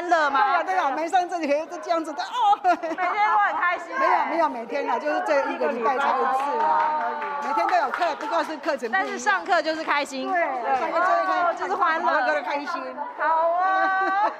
歡樂嗎？對啊，對啊，沒上這裡，都這樣子的哦。每天都很開心。沒有，沒有，每天啊，就是這一個禮拜才一次啊。每天都有課，不過是課程。但是上課就是開心。對,、啊對,啊對啊，上課、哦、就是開心。快樂,快樂開心。好啊。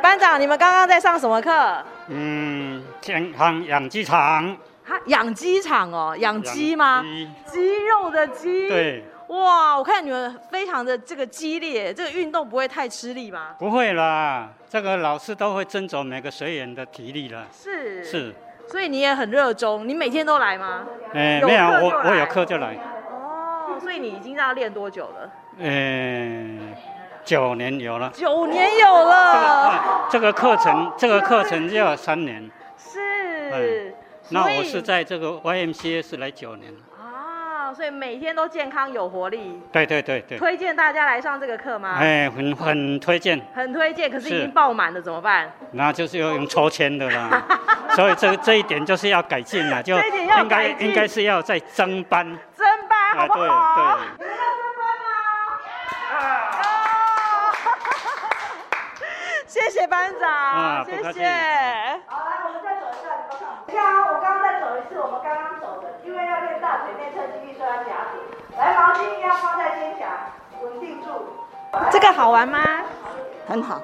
班長，你們剛剛在上什麼課？嗯，健康養雞場。啊、養雞場哦，養雞嗎？雞,雞肉的雞。對。哇，我看你們非常的這個激烈，這個運動不會太吃力嗎？不會啦，這個老師都會斟酌每個學員的體力了。是是，所以你也很熱衷，你每天都來嗎？哎、欸，沒有、啊，我我有課就來。哦，所以你已經要練多久了？嗯、欸， 九年有了。九年有了。這個、呃這個、課程，這個課程要三年。 是。欸、那我是在這個 YMCA 是來九年了。所以每天都健康有活力。對對對對。推薦大家來上這個課嗎？哎、欸，很很推薦，很推薦。可是已經爆滿了，怎麼辦？那就是要用抽籤的啦。 所以這這一點就是要改進了，就應該應該是要再增班。增班好不好？對、啊、對。對你們要增班嗎？Yeah! 啊、 謝謝班長、啊，謝謝。好，來我們再走一下，你們看。等一下、啊，我剛剛再走一次，我們剛剛。大腿內側肌力，雙夾腿。來，毛巾要放在肩胛，穩定住。這個好玩嗎？很好。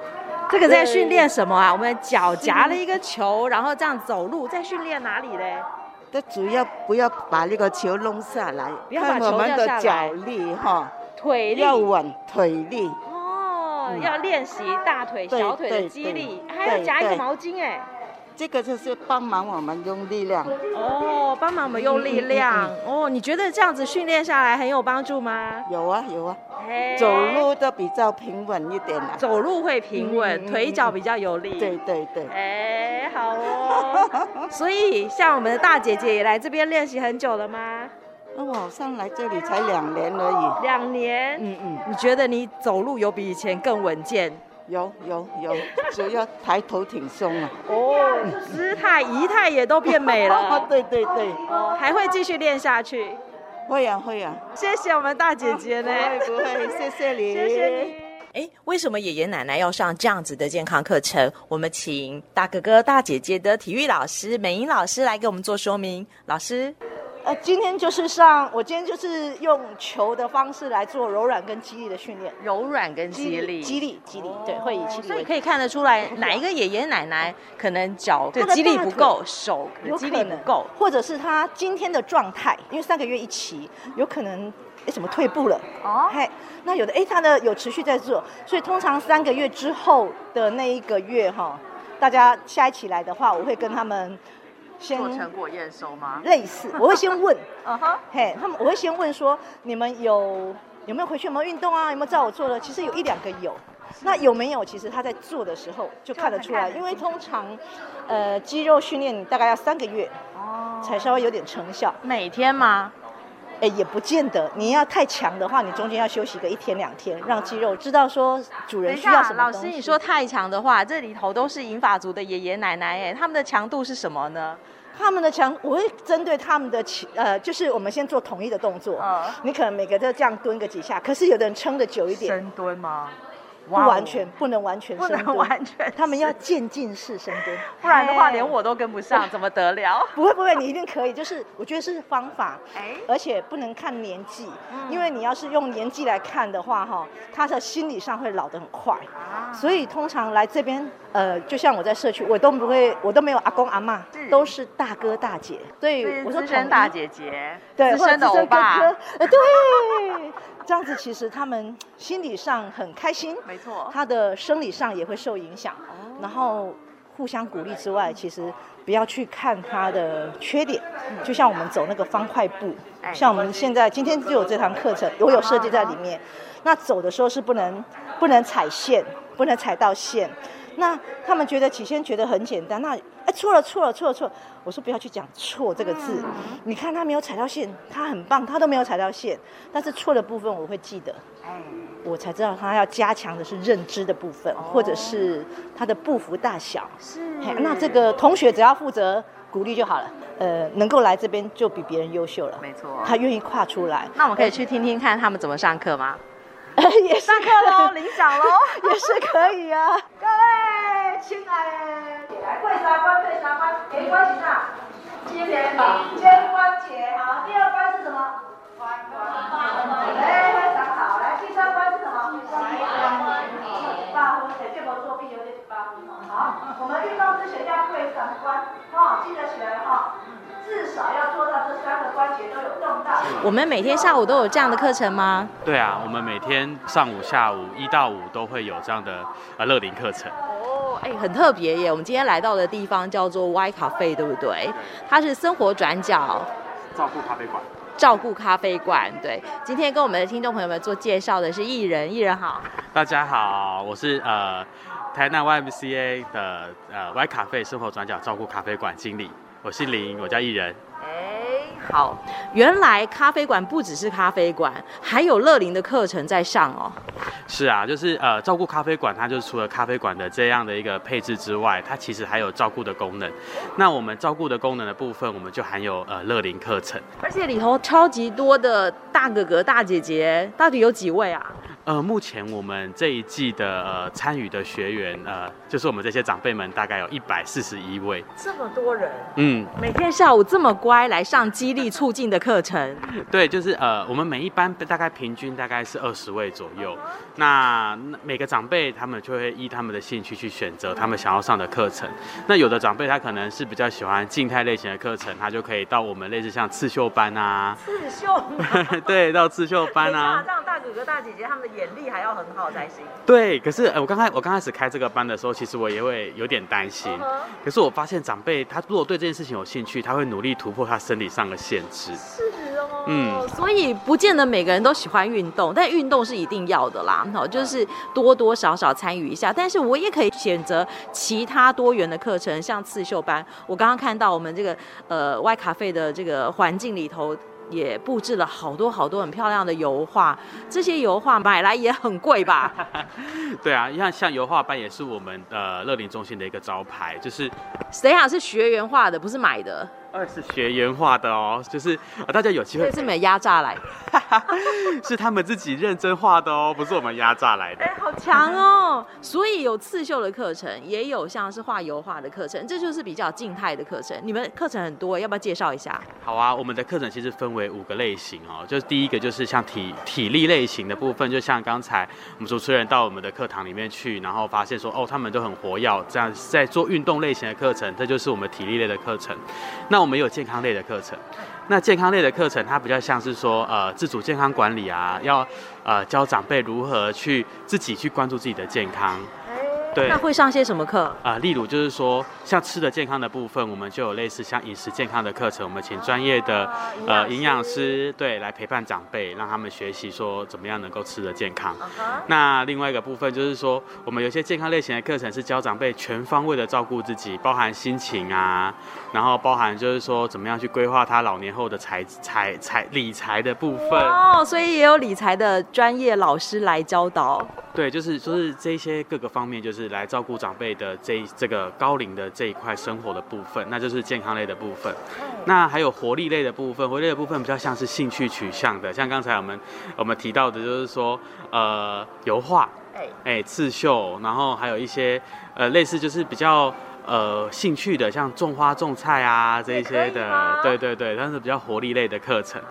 這個在訓練什麼啊？我們腳夾了一個球，然後這樣走路，在訓練哪裡嘞？主要不要把那個球弄下來，不要把球下來，看我們的腳力哈，腿力要穩，腿力。哦，嗯、要練習大腿、小腿的肌力，對對對對，還要夾一個毛巾。哎、欸。對對對這個就是幫忙我們用力量哦，幫忙我們用力量、嗯嗯嗯嗯、哦。你覺得這樣子訓練下來很有幫助嗎？有啊有啊，hey, 走路都比較平穩一點了、啊。走路會平穩、嗯嗯嗯，腿腳比較有力。對對對。哎、hey，好哦。 所以像我們的大姐姐也來這邊練習很久了嗎？哦、我上來這裡才兩年而已。兩年。嗯嗯。你覺得你走路有比以前更穩健？有有有，主要抬頭挺胸了、啊、 哦，姿態儀態也都變美了。 對對對，還會繼續練下去。 會呀、啊、會呀、啊，謝謝我們大姐姐呢。啊、不會不會，謝謝你。謝謝。哎、 欸，為什麼爺爺奶奶要上這樣子的健康課程？我們請大哥哥大姐姐的體育老師美英老師來給我們做說明。老師。呃，今天就是上，我今天就是用球的方式來做柔軟跟肌力的訓練。柔軟跟肌力，肌力，肌力，哦、對，會以肌力。所以可以看得出來，哪一個爺爺奶奶可能腳對他的肌力不夠，手的肌力不夠，或者是他今天的狀態，因為三個月一期，有可能哎怎、欸、麼退步了哦？嘿，那有的哎、欸，他的有持續在做，所以通常三個月之後的那一個月哈，大家下一起來的話，我會跟他們。先做成果驗收嗎？類似，我會先問，嘿、 uh，-huh. 他們，我會先問說，你們有有沒有回去有沒有運動啊？有沒有照我做的？其實有一兩個有，那有沒有？其實他在做的時候就看得出來，因為通常，呃，肌肉訓練大概要三個月哦，oh. 才稍微有點成效。每天嗎？哎、欸，也不見得。你要太強的話，你中間要休息個一天兩天，讓肌肉知道說主人需要什麼東西。老師，你說太強的話，這裡頭都是銀髮族的爺爺奶奶、欸，哎，他們的強度是什麼呢？他們的牆，我會針對他們的呃，就是我們先做統一的動作，啊。你可能每個都這樣蹲個幾下，可是有的人撐得久一點。深蹲嗎？Wow, 不完全不能完全，不能完全，完全他們要漸進式深蹲， 不然的話，連我都跟不上，怎麼得了？不會不會，你一定可以，就是我覺得是方法，哎，而且不能看年紀，嗯、因為你要是用年紀來看的話，哈、嗯，他的心理上會老得很快啊。所以通常來這邊，呃，就像我在社區，我都不會，我都沒有阿公阿媽、嗯，都是大哥大姐，嗯、所以我說資深大姐姐，對，資深的歐巴，對。 這樣子其實他們心理上很開心，沒錯。他的生理上也會受影響，然後互相鼓勵之外，其實不要去看他的缺點。就像我們走那個方塊步，像我們現在今天就有這堂課程，我有設計在裡面。那走的時候是不能不能踩線，不能踩到線。那他們覺得起先覺得很簡單，那哎錯了錯了錯了錯了，我說不要去講錯這個字、嗯，你看他沒有踩到線，他很棒，他都沒有踩到線，但是錯的部分我會記得，哎、嗯，我才知道他要加強的是認知的部分，哦、或者是他的步幅大小。是。那這個同學只要負責鼓勵就好了，呃，能夠來這邊就比別人優秀了。沒錯。他願意跨出來。嗯、那我們可以去聽聽看他們怎麼上課嗎？呃呃呃、也上課嘍，鈴響嘍，也是可以啊。 先來，來跪三關，跪三關，沒、欸、關係的。肩肩關節，好。第二關是什麼？非常好。來，第三關是什麼？好、啊啊啊嗯哦、我們運動之前要跪三關，哦、記得起來哈、哦。至少要做到這三個關節都有動到。我們每天下午都有這樣的課程嗎？對啊，我們每天上午、下午一到五都會有這樣的啊樂齡課程。嗯嗯嗯嗯嗯哎，很特別耶！我們今天來到的地方叫做 Y 咖啡，對不對？它是森活轉角照顧咖啡館，照顧咖啡館。對，今天跟我們的聽眾朋友們做介紹的是藝人，藝人好，大家好，我是呃台南 YMCA 的呃 Y 咖啡森活轉角照顧咖啡館經理，我姓林，我叫藝人。好，原來咖啡館不只是咖啡館，還有樂齡的課程在上哦。是啊，就是呃，照顧咖啡館，它就是除了咖啡館的這樣的一個配置之外，它其實還有照顧的功能。那我們照顧的功能的部分，我們就含有呃樂齡課程，而且裡頭超級多的大哥哥大姐姐，到底有幾位啊？呃，目前我們這一季的呃參與的學員呃，就是我們這些長輩們，大概有一百四十一位，這麼多人啊，嗯，每天下午這麼乖來上激勵促進的課程， 對，就是呃，我們每一班大概平均大概是二十位左右，uh-huh. 那每個長輩他們就會依他們的興趣去選擇他們想要上的課程， 那有的長輩他可能是比較喜歡靜態類型的課程，他就可以到我們類似像刺繡班啊，刺繡， 對，到刺繡班啊。哥哥、大姐姐，他們的眼力還要很好才行。對，可是，哎、呃，我剛開我剛開始開這個班的時候，其實我也會有點擔心。 可是我發現長輩，他如果對這件事情有興趣，他會努力突破他生理上的限制。是哦，嗯，所以不見得每個人都喜歡運動，但運動是一定要的啦。好，就是多多少少參與一下。但是我也可以選擇其他多元的課程，像刺繡班。我剛剛看到我們這個呃 Y Cafe 的這個環境裡頭。也佈置了好多好多很漂亮的油畫，這些油畫買來也很貴吧？ 對啊，像像油畫班也是我們呃樂齡中心的一個招牌，就是等下是學員畫的，不是買的。二是學員畫的哦，就是大家有機會是沒壓榨來， 是他們自己認真畫的哦，不是我們壓榨來的。哎，好強哦！所以有刺繡的課程，也有像是畫油畫的課程，這就是比較靜態的課程。你們課程很多欸，要不要介紹一下？好啊，我們的課程其實分為五個類型哦，就是第一個就是像體體力類型的部分，就像剛才我們主持人到我們的課堂裡面去，然後發現說哦，他們都很活躍，這樣在做運動類型的課程，這就是我們體力類的課程。那我們有健康類的課程，那健康類的課程它比較像是說，呃，自主健康管理啊，要呃教長輩如何去自己去關注自己的健康。對，那會上些什麼課啊、呃。例如就是說，像吃的健康的部分，我們就有類似像飲食健康的課程，我們請專業的、啊、呃營養師對來陪伴長輩，讓他們學習說怎麼樣能夠吃得健康。Uh-huh. 那另外一個部分就是說，我們有些健康類型的課程是教長輩全方位的照顧自己，包含心情啊，然後包含就是說怎麼樣去規劃他老年後的財財財理財的部分。哦、Wow，所以也有理財的專業老師來教導。對，就是就是這些各個方面就是。來照顧長輩的這一這個高齡的這一塊生活的部分，那就是健康類的部分。那還有活力類的部分，活力類的部分比較像是興趣取向的，像剛才我們我們提到的，就是說呃油畫，哎、呃、刺繡，然後還有一些呃類似就是比較呃興趣的，像種花種菜啊這一些的，對對對，但是比較活力類的課程。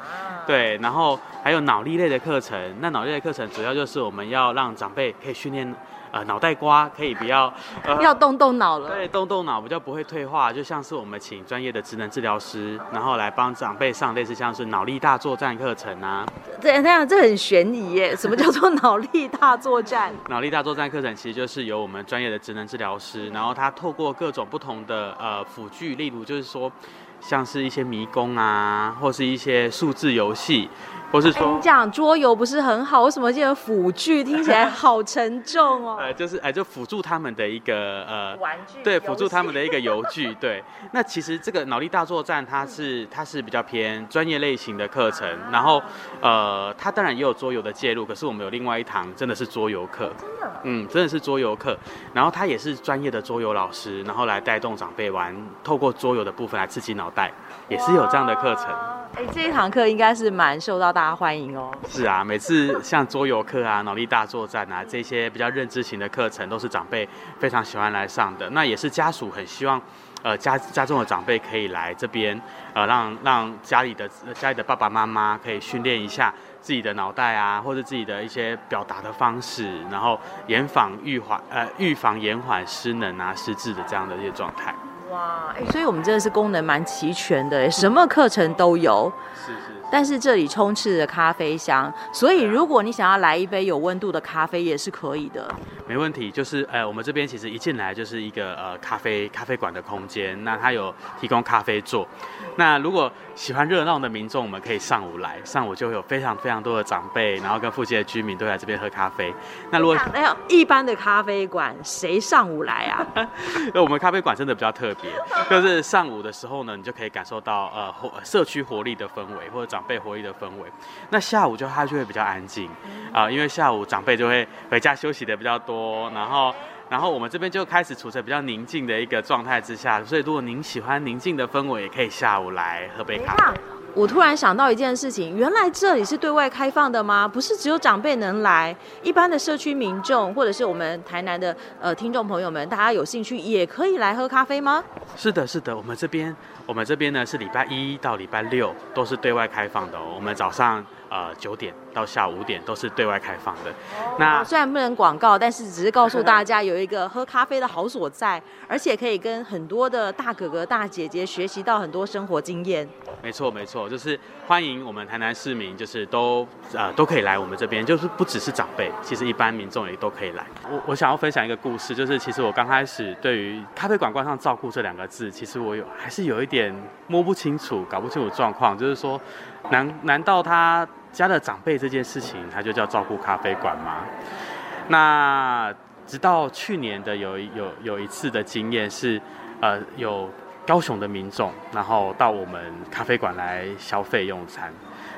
對，然後還有腦力類的課程。那腦力類的課程主要就是我們要讓長輩可以訓練。呃，腦袋瓜可以不要、呃，要動動腦了。對，動動腦，比較不會退化。就像是我們請專業的職能治療師，然後來幫長輩上類似像是腦力大作戰課程啊。對，那樣這很懸疑耶， 什麼叫做腦力大作戰？腦力大作戰課程其實就是由我們專業的職能治療師，然後他透過各種不同的呃輔具，例如就是說像是一些迷宮啊，或是一些數字遊戲。我是說、欸，你講桌遊不是很好？為什麼叫輔具？聽起來好沉重哦。哎、 呃，就是哎、呃，就輔助他們的一個呃，玩具，對，輔助他們的一個遊具。對， 對，那其實這個腦力大作戰，它是、嗯、它是比較偏專業類型的課程、啊。然後呃，它當然也有桌遊的介入，可是我們有另外一堂真的是桌遊課、哦，真的？嗯，真的是桌遊課。然後它也是專業的桌遊老師，然後來帶動長輩玩，透過桌遊的部分來刺激腦袋，也是有這樣的課程。哎，這一堂課應該是蠻受到大家歡迎哦。是啊，每次像桌遊課啊、 腦力大作戰啊這些比較認知型的課程，都是長輩非常喜歡來上的。那也是家屬很希望，呃，家家中的長輩可以來這邊，呃，讓讓家裡的家裡的爸爸媽媽可以訓練一下自己的腦袋啊，或者自己的一些表達的方式，然後延防預防呃預防延緩失能啊失智的這樣的一些狀態。哇、欸，所以我們真的是功能蠻齊全的耶，什麼課程都有。是是。但是這裡充斥着咖啡香，所以如果你想要來一杯有溫度的咖啡也是可以的，沒問題。就是，哎、呃，我們這邊其實一進來就是一個呃咖啡咖啡館的空間，那它有提供咖啡座。那如果喜歡熱鬧的民眾，我們可以上午來，上午就會有非常非常多的長輩，然後跟附近的居民都來這邊喝咖啡。那如果那一般的咖啡館誰上午來啊？那 我們咖啡館真的比較特別，就是上午的時候呢，你就可以感受到呃活社區活力的氛圍或者長。被活躍的氛圍，那下午就它就會比較安靜啊，嗯，呃，因為下午長輩就會回家休息得比較多，然後，然後我們這邊就開始處在比較寧靜的一個狀態之下，所以如果您喜歡寧靜的氛圍，也可以下午來喝杯咖啡。我突然想到一件事情，原來這裡是對外開放的嗎？不是只有長輩能來，一般的社區民眾或者是我們台南的呃聽眾朋友們，大家有興趣也可以來喝咖啡嗎？是的，是的，我們這邊。我們這邊呢，是禮拜一到禮拜六都是對外開放的哦。我們早上呃九點到下午五點都是對外開放的，那雖然不能廣告，但是只是告訴大家有一個喝咖啡的好所在， 而且可以跟很多的大哥哥大姐姐學習到很多生活經驗。沒錯沒錯，就是歡迎我們台南市民，就是都呃都可以來我們這邊，就是不只是長輩，其實一般民眾也都可以來。我我想要分享一個故事，就是其實我剛開始對於咖啡館冠上照顧這兩個字，其實我有還是有一。有點摸不清楚，搞不清楚狀況，就是說，難難道他家的長輩這件事情，他就叫照顧咖啡館嗎？那直到去年的有有有一次的經驗是，呃，有高雄的民眾，然後到我們咖啡館來消費用餐。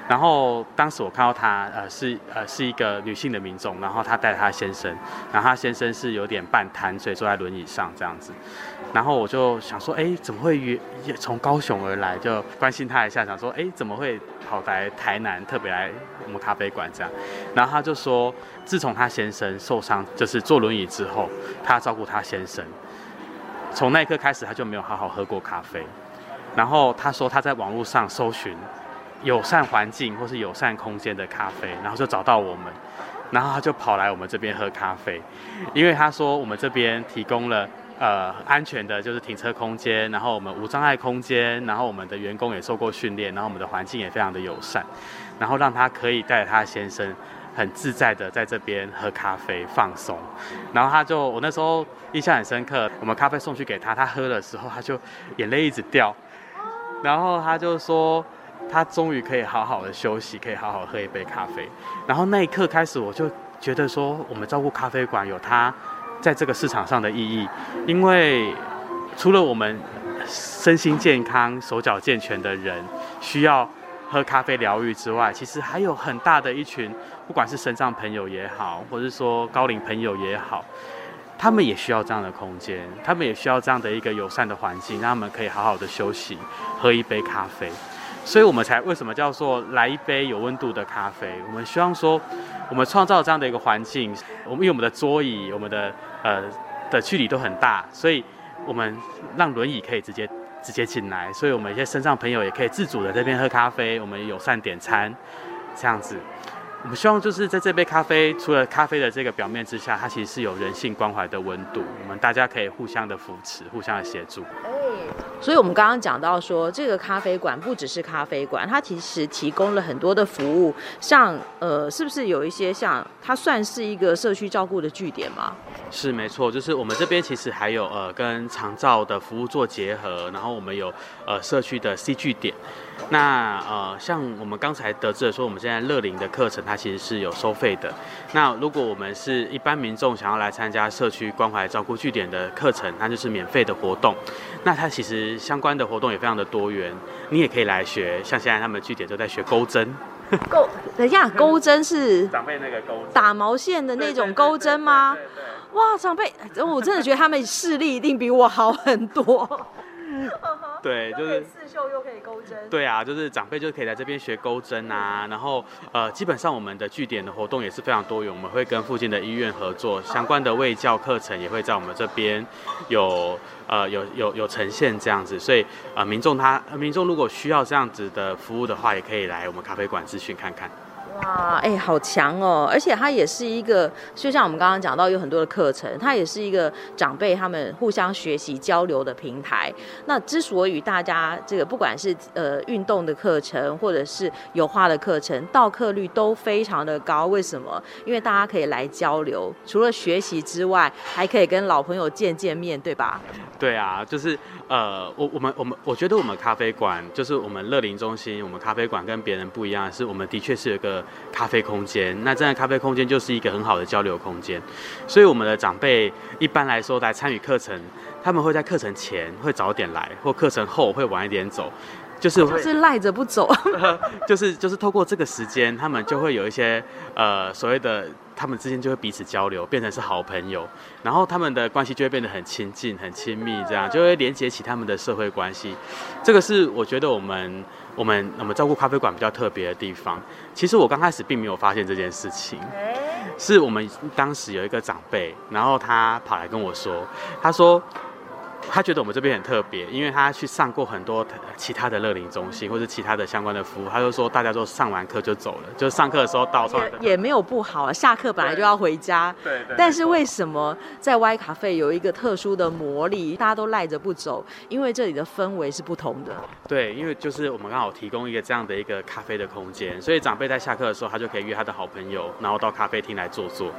然後當時我看到他，呃，是呃是一個女性的民眾，然後他帶他先生，然後他先生是有點半癱，所以坐在輪椅上這樣子。然後我就想說，哎，怎麼會也從高雄而來？就關心他一下，想說，哎，怎麼會跑來台南特別來我們咖啡館這樣？然後他就說，自從他先生受傷，就是坐輪椅之後，他照顧他先生，從那一刻開始，他就沒有好好喝過咖啡。然後他說他在網絡上搜尋。友善環境或是友善空間的咖啡，然後就找到我們，然後他就跑來我們這邊喝咖啡。因為他說我們這邊提供了呃安全的就是停車空間，然後我們無障礙空間，然後我們的員工也受過訓練，然後我們的環境也非常的友善，然後讓他可以帶他先生很自在的在這邊喝咖啡放鬆。然後他就我那時候印象很深刻，我們咖啡送去給他，他喝的時候他就眼淚一直掉，然後他就說。他終於可以好好的休息，可以好好喝一杯咖啡。然後那一刻開始，我就覺得說，我們照顧咖啡館有它在這個市場上的意義。因為除了我們身心健康、手腳健全的人需要喝咖啡療癒之外，其實還有很大的一群，不管是身障朋友也好，或是說高齡朋友也好，他們也需要這樣的空間，他們也需要這樣的一個友善的環境，讓他們可以好好的休息，喝一杯咖啡。所以我們才為什麼叫做來一杯有溫度的咖啡？我們希望說，我們創造這樣的一個環境。我們因為我們的桌椅、我們的呃的距離都很大，所以我們讓輪椅可以直接直接進來。所以我們一些身上朋友也可以自主的這邊喝咖啡，我們友善點餐這樣子。我們希望就是在這杯咖啡，除了咖啡的這個表面之下，它其實是有人性關懷的溫度。我們大家可以互相的扶持，互相的協助。所以，我們剛剛講到說，這個咖啡館不只是咖啡館，它其實提供了很多的服務，像呃，是不是有一些像它算是一個社區照顧的據點嗎？是沒錯，就是我們這邊其實還有呃，跟長照的服務做結合，然後我們有呃社區的 C 據點。那呃，像我們剛才得知的說，我們現在樂齡的課程它其實是有收費的。那如果我們是一般民眾想要來參加社區關懷照顧據點的課程，它就是免費的活動。那它其實相關的活動也非常的多元，你也可以來學。像現在他們據點都在學鈎針，鈎等一下，鈎針是長輩那個鈎打毛線的那種鈎針嗎？哇，長輩，我真的覺得他們視力一定比我好很多。 對，就是刺繡又可以鈎針。對啊，就是長輩就可以來這邊學鈎針啊，然後呃，基本上我們的據點的活動也是非常多元，我們會跟附近的醫院合作相關的衛教課程，也會在我們這邊有 呃有有有，有呈現這樣子，所以呃民眾他民眾如果需要這樣子的服務的話，也可以來我們咖啡館諮詢看看。哇，哎、欸，好強哦，喔！而且它也是一個，就像我們剛剛講到，有很多的課程，它也是一個長輩他們互相學習交流的平台。那之所以大家這個不管是呃運動的課程，或者是油畫的課程，到課率都非常的高，為什麼？因為大家可以來交流，除了學習之外，還可以跟老朋友見見面，對吧？對啊，就是呃，我我們我們我覺得我們咖啡館，就是我們樂齡中心，我們咖啡館跟別人不一樣的是，是我們的確是有個。咖啡空間，那這樣咖啡空間就是一個很好的交流空間，所以我們的長輩一般來說來參與課程，他們會在課程前會早點來，或課程後會晚一點走，就是、哦、就是賴着不走，呃、就是就是透過這個時間，他們就會有一些呃所謂的他們之間就會彼此交流，變成是好朋友，然後他們的關係就會變得很親近、很親密，這樣就會連接起他們的社會關係，這個是我覺得我們。我們我們照顧咖啡館比較特別的地方，其實我剛開始並沒有發現這件事情，是我們當時有一個長輩，然後他跑來跟我說，他說。他覺得我們這邊很特別，因為他去上過很多其他的樂林中心或者其他的相關的服務，他就說，大家都上完課就走了，就是上課的時候到處也，也沒有不好啊，下課本來就要回家。對。對對，但是為什麼在 Y 咖啡有一個特殊的魔力，大家都賴着不走？因為這裡的氛圍是不同的。對，因為就是我們剛好提供一個這樣的一個咖啡的空間，所以長輩在下課的時候，他就可以約他的好朋友，然後到咖啡廳來坐坐，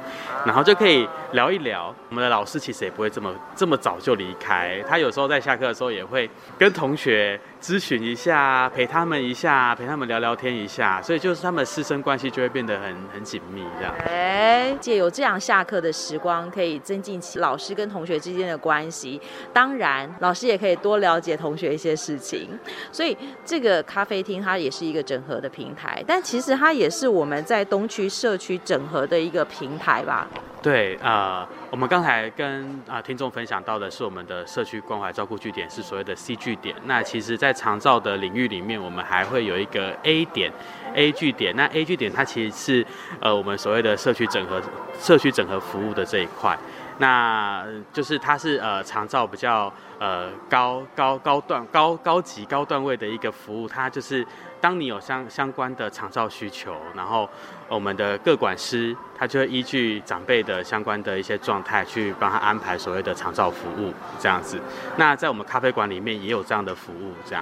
然後就可以聊一聊。我們的老師其實也不會這麼這麼早就離開。他有時候在下課的時候也會跟同學諮詢一下，陪他們一下，陪他們聊聊天一下，所以就是他們師生關係就會變得很很緊密這樣。哎，借由這樣下課的時光，可以增進起老師跟同學之間的關係，當然老師也可以多了解同學一些事情。所以這個咖啡廳它也是一個整合的平台，但其實它也是我們在東區社區整合的一個平台吧。對，呃，我們剛才跟啊、呃、聽眾分享到的是我們的社區關懷照顧據點，是所謂的 C 據點。那其實，在長照的領域裡面，我們還會有一個 A 點，A 據點。那 A 據點它其實是呃我們所謂的社區整合、社區整合服務的這一塊。那就是它是呃長照比較呃高高高段高高級高段位的一個服務，它就是。當你有相相關的長照需求，然後我們的個管師他就會依據長輩的相關的一些狀態去幫他安排所謂的長照服務，這樣子。那在我們咖啡館裡面也有這樣的服務，這樣。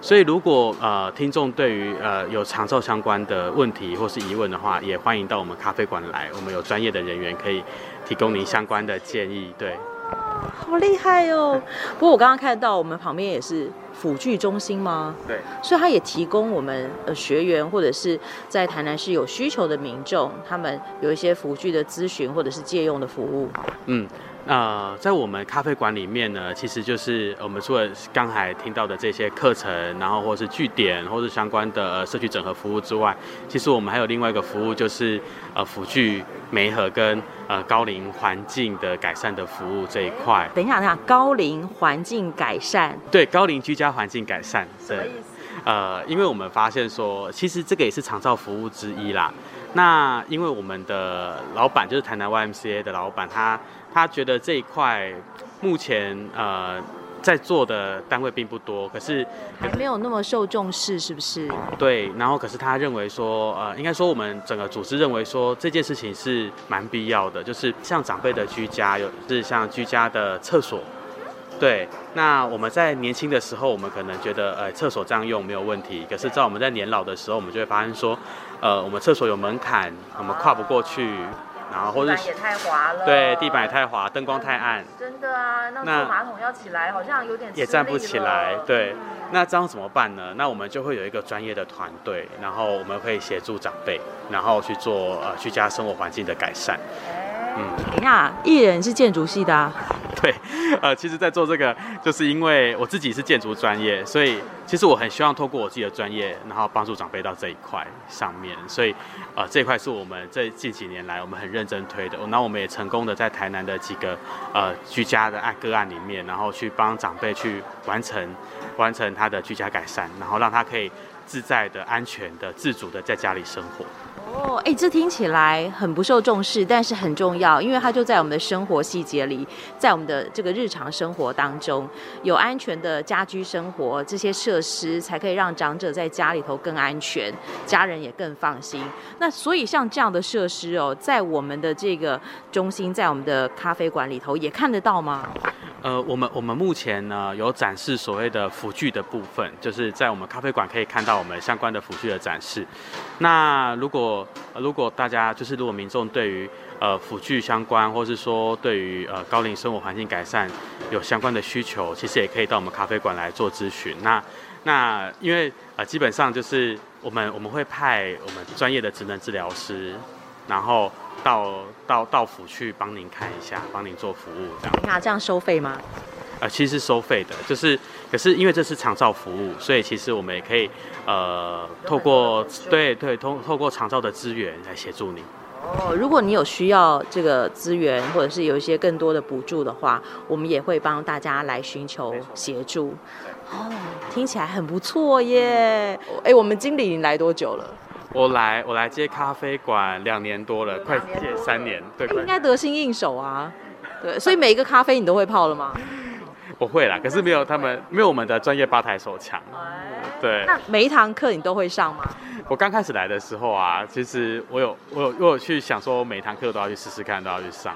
所以如果呃聽眾對於呃有長照相關的問題或是疑問的話，也歡迎到我們咖啡館來，我們有專業的人員可以提供您相關的建議，對。啊、好厲害哦、喔！不過我剛剛看到，我們旁邊也是輔具中心嗎？對，所以它也提供我們呃學員，或者是在台南市有需求的民眾，他們有一些輔具的諮詢，或者是借用的服務。嗯、那、呃、在我們咖啡館裡面呢，其實就是我們除了剛才聽到的這些課程，然後或者是據點，或是相關的社區整合服務之外，其實我們還有另外一個服務，就是呃輔具。媒合跟呃高齡環境的改善的服務這一塊，等一下，等一下，高齡環境改善，對高齡居家環境改善，對，呃，因為我們發現說，其實這個也是長照服務之一啦。那因為我們的老板就是台南 YMCA 的老板，他他覺得這一塊目前呃。在座的單位並不多，可是還沒有那麼受重視，是不是？對，然後可是他認為說，呃，應該說我們整個組織認為說這件事情是蠻必要的，就是像長輩的居家有是像居家的廁所，對。那我們在年輕的時候，我們可能覺得呃廁所這樣用沒有問題，可是在我們在年老的時候，我們就會發現說，呃，我們廁所有門檻，我們跨不過去。然後地板也太滑了，對，地板也太滑，燈光太暗，真的啊，那馬桶要起來好像有點也站不起來，對，嗯，那這樣怎麼辦呢？那我們就會有一個專業的團隊，然後我們會協助長輩，然後去做呃居家生活環境的改善。欸嗯，對藝人是建築系的。對，呃，其實，在做這個，就是因為我自己是建築專業，所以其實我很希望透過我自己的專業，然後幫助長輩到這一塊上面。所以，呃，這一塊是我們這近幾年來我們很認真推的。那我們也成功的在台南的幾個呃居家的案個案裡面，然後去幫長輩去完成完成他的居家改善，然後讓他可以自在的、安全的、自主的在家裡生活。哦，哎，這聽起來很不受重視，但是很重要，因為它就在我們的生活細節裡，在我們的這個日常生活當中，有安全的家居生活，這些設施才可以讓長者在家裡頭更安全，家人也更放心。那所以像這樣的設施哦，在我們的這個中心，在我們的咖啡館裡頭也看得到嗎？呃，我們我們目前呢有展示所謂的輔具的部分，就是在我們咖啡館可以看到我們相關的輔具的展示。那如果如果大家就是如果民眾對於呃，輔具相關，或是說對於呃，高齡生活環境改善有相關的需求，其實也可以到我們咖啡館來做諮詢。那那因為呃基本上就是我們我們會派我們專業的職能治療師，然後到到到府去幫您看一下，幫您做服務這樣。那這樣收費嗎？啊，其實是收費的，就是可是因為這是長照服務，所以其實我們也可以，呃，透過對對通透過長照的資源來協助你。哦，如果你有需要這個資源，或者是有一些更多的補助的話，我們也會幫大家來尋求協助。哦，聽起來很不錯耶。哎、嗯欸，我們經理你來多久了？我來我來接咖啡館兩年多了，快接三年，欸、對。應該得心應手啊。對，所以每一個咖啡你都會泡了嗎？ 不會啦，可是沒有他們，啊、沒有我們的專業吧台手強、嗯。對。那每一堂課你都會上嗎？我剛開始來的時候啊，其實我有，我有，我有去想說，每一堂課都要去試試看，都要去上。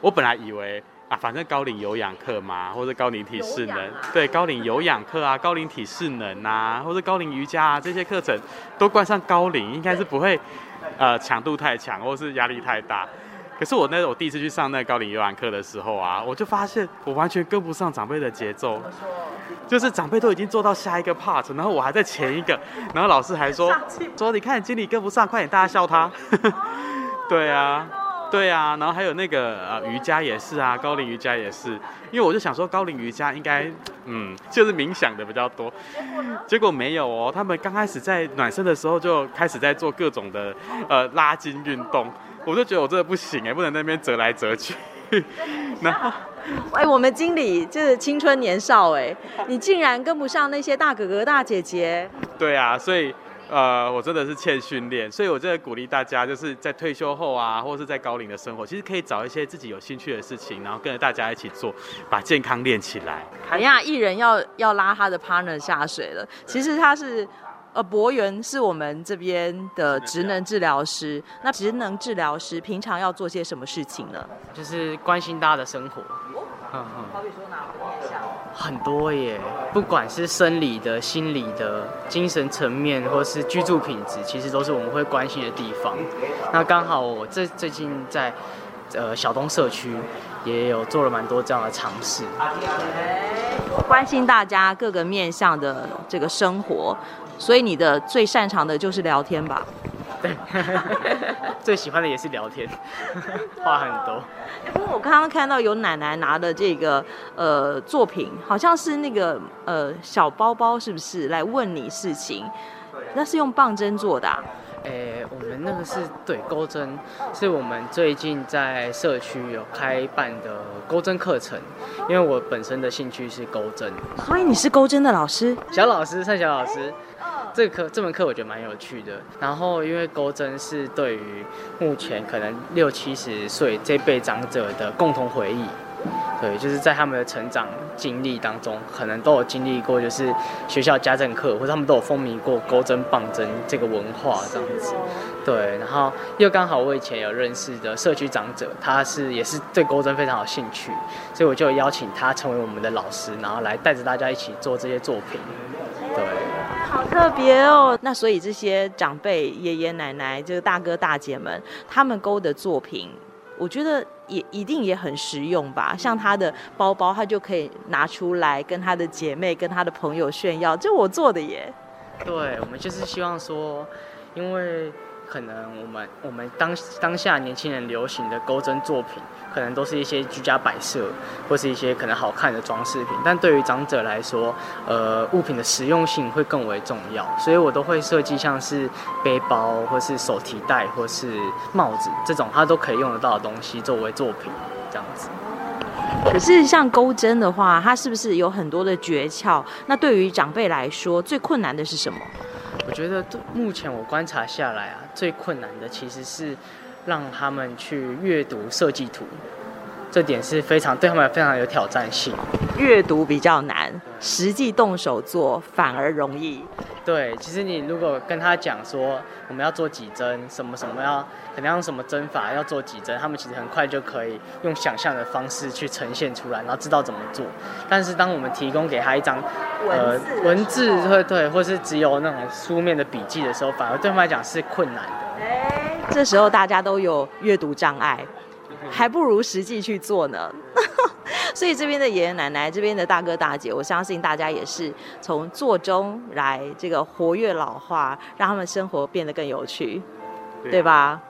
我本來以為啊，反正高齡有氧課嘛，或者高齡體適能、啊，對，高齡有氧課啊，高齡體適能啊，或者高齡瑜伽啊這些課程，都冠上高齡，應該是不會，呃，強度太強，或是壓力太大。可是我那我第一次去上那高齡遊玩課的時候啊，我就發現我完全跟不上長輩的節奏，就是長輩都已經做到下一個 part，然後我還在前一個， 然後老師還說說你看精力跟不上，快點大家笑他。 哦、 對啊，對啊，然後還有那個呃瑜伽也是啊，高齡瑜伽也是，因為我就想說高齡瑜伽應該嗯就是冥想的比較多，結果，結果沒有哦，他們剛開始在暖身的時候就開始在做各種的呃拉筋運動。我就覺得我這個不行哎、欸，不能在那邊折來折去。那 哎、欸，我們經理就是青春年少哎、欸，你竟然跟不上那些大哥哥大姐姐。對啊，所以呃，我真的是欠訓練。所以我真的鼓勵大家，就是在退休後啊，或是在高齡的生活，其實可以找一些自己有興趣的事情，然後跟着大家一起做，把健康練起來。等一下，藝人要要拉他的 partner 下水了，其實他是。呃，博元是我們這邊的職能治療師。那職能治療師平常要做些什麼事情呢？就是關心大家的生活。嗯嗯，好比說哪個面向？很多耶，不管是生理的、心理的、精神層面，或是居住品質，其實都是我們會關心的地方。那剛好我最近在呃小東社區也有做了蠻多這樣的嘗試，關心大家各個面向的這個生活。所以你的最擅長的就是聊天吧？對，呵呵，最喜歡的也是聊天，話很多。 欸、不過我剛剛看到有奶奶拿的這個呃作品，好像是那個呃小包包，是不是？來問你事情，那是用棒針做的，啊？哎、欸，我們那個是對鈎針，是我們最近在社區有開辦的鈎針課程。因為我本身的興趣是鈎針，所以你是鈎針的老師？小老師，菜小老師。這課這門課我覺得蠻有趣的，然後因為鈎針是對於目前可能六七十歲這輩長者的共同回憶，對，就是在他們的成長經歷當中，可能都有經歷過，就是學校家政課，或者他們都有風靡過鈎針棒針這個文化這樣子，對，然後又剛好我以前有認識的社區長者，他是也是對鈎針非常有興趣，所以我就邀請他成為我們的老師，然後來帶着大家一起做這些作品。特別哦，那所以這些長輩爺爺奶奶，就是大哥大姐們，他們勾的作品，我覺得也一定也很實用吧。像他的包包，他就可以拿出來跟他的姐妹、跟他的朋友炫耀，就我做的耶。對，我們就是希望說，因為。可能我們我們當當下年輕人流行的鈎針作品，可能都是一些居家擺設，或是一些可能好看的裝飾品。但對於長者來說，呃，物品的實用性會更為重要，所以我都會設計像是背包，或是手提袋，或是帽子這種，它都可以用得到的東西作為作品，這樣子。可是像鈎針的話，它是不是有很多的訣竅？那對於長輩來說，最困難的是什麼？我覺得目前我觀察下來啊，最困難的其實是讓他們去閱讀設計圖。這點是非常對他們非常有挑戰性，閱讀比較難，實際動手做反而容易。對，其實你如果跟他講說我們要做幾針，什麼什麼要可能用什麼針法，要做幾針，他們其實很快就可以用想象的方式去呈現出來，然後知道怎麼做。但是當我們提供給他一張、呃、文字文字會對，對，或是只有那種書面的筆記的時候，反而對他們來講是困難的。誒，這時候大家都有閱讀障礙。還不如實際去做呢， 所以這邊的爺爺奶奶，這邊的大哥大姐，我相信大家也是從做中來。這個活躍老化，讓他們生活變得更有趣，對，對吧？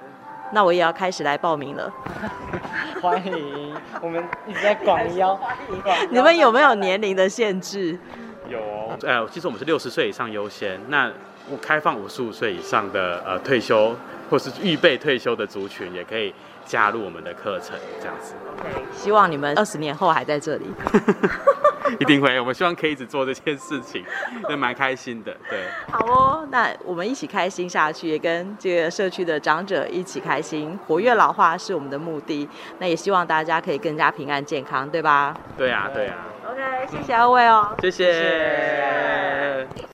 那我也要開始來報名了。 歡迎，我們一直在廣邀。你們有沒有年齡的限制？有哦，哎、呃，其實我們是六十歲以上優先，那我開放五十五歲以上的呃退休或是預備退休的族群也可以，加入我們的課程，這樣子。對，希望你們二十年後還在這裡。 一定會， 我們希望可以一直做這件事情，蠻開心的。對，好哦，那我們一起開心下去，也跟這個社區的長者一起開心，活躍老化是我們的目的。那也希望大家可以更加平安健康，對吧？對呀，對呀。OK，嗯，謝謝二位哦。謝謝。謝謝謝謝。